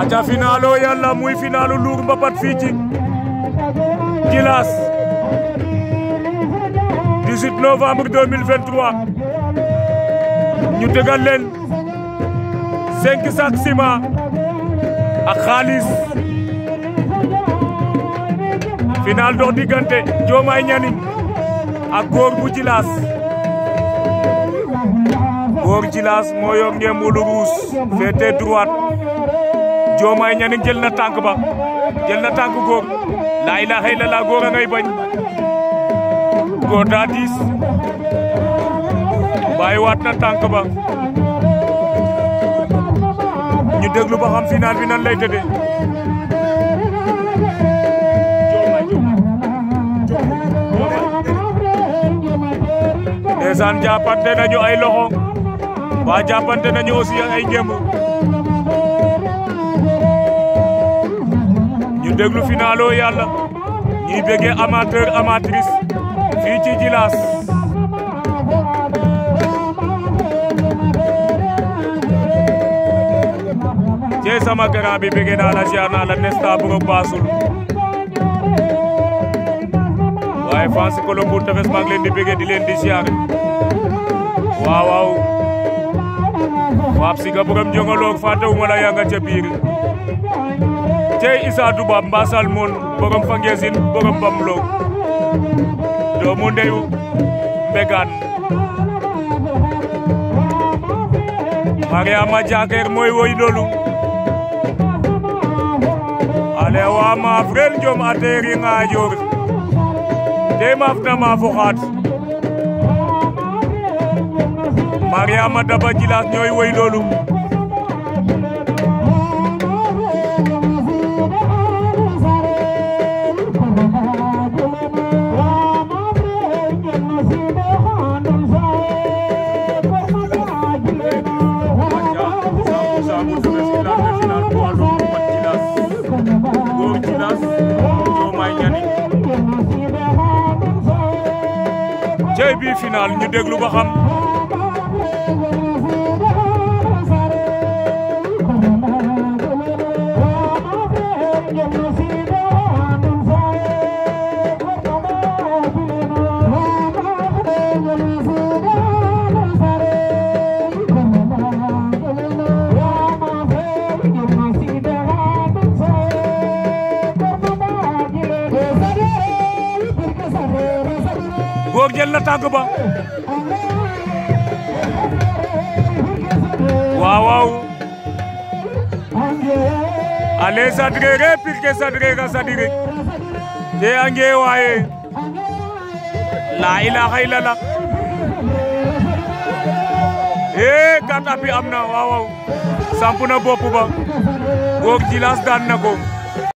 aca finalo Yalla muy finalu Lour Mbapat fii ci Djilass 18 novembre 2023 ñu tegal leen cinq sacs ciment ak xaalis final dox diggante Diomaye Nianing ak góor bu Djilass góor Djilass moo yor ngeen mboolu ruus féete droite Diomaye Nianing jël na tànk ba jël na tànk góor laa ilaaha illallaah góor a ngay bañ góor daa diis bàyyiwaat na tànk ba ñu déglu ba xam final bi nan lay tëdde ndeysaan jàppante nañu ay loxo waa jàppante nañu aussi ay ngémb déglu finalo yàlla ñuy béggee amateur amatrice fii ci Djilass sama grand bi béggee naa la ziar la nesta buro baasul waaye fansi Colombour tefes maa leen di béggee di leen di ziar waaw waaw waab siga borom njongoloog fa tawuma la yaa ca biir cey isa duba mbasal mon borom fangesin bamlo do doomu ndeyu mbegan Maria jaker moy woy lolu ale wama frel jom ateri ngajor de mafna ma foxat mariama daba jilas ñoy woy lolu cey bi final ñu déglu ba xam na tànk ba waaw waaw ale sadirere pirke sadirega sadire te ange waaye la ilaha illallah e eh, kat api am na waaw waaw na bopp ba goog jilas daan na ko